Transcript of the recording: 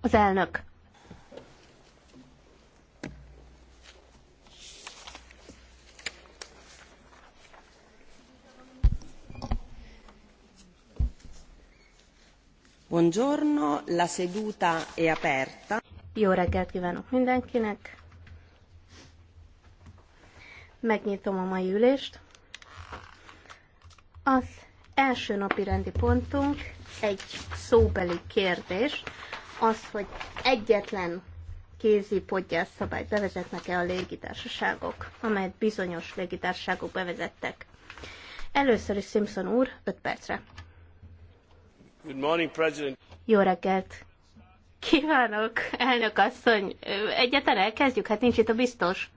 Az elnök. Buongiorno, la seduta è aperta. Jó reggelt kívánok mindenkinek. Megnyitom a mai ülést. Az első napi rendi pontunk egy szóbeli kérdés, az, hogy egyetlen kézi szabályt bevezetnek-e a légitársaságok, amelyet bizonyos légitársaságok bevezettek. Először is Simpson úr, 5 percre. Good morning, President. Jó reggelt! Kívánok, elnök asszony! Egyetlen elkezdjük, hát nincs itt a biztos.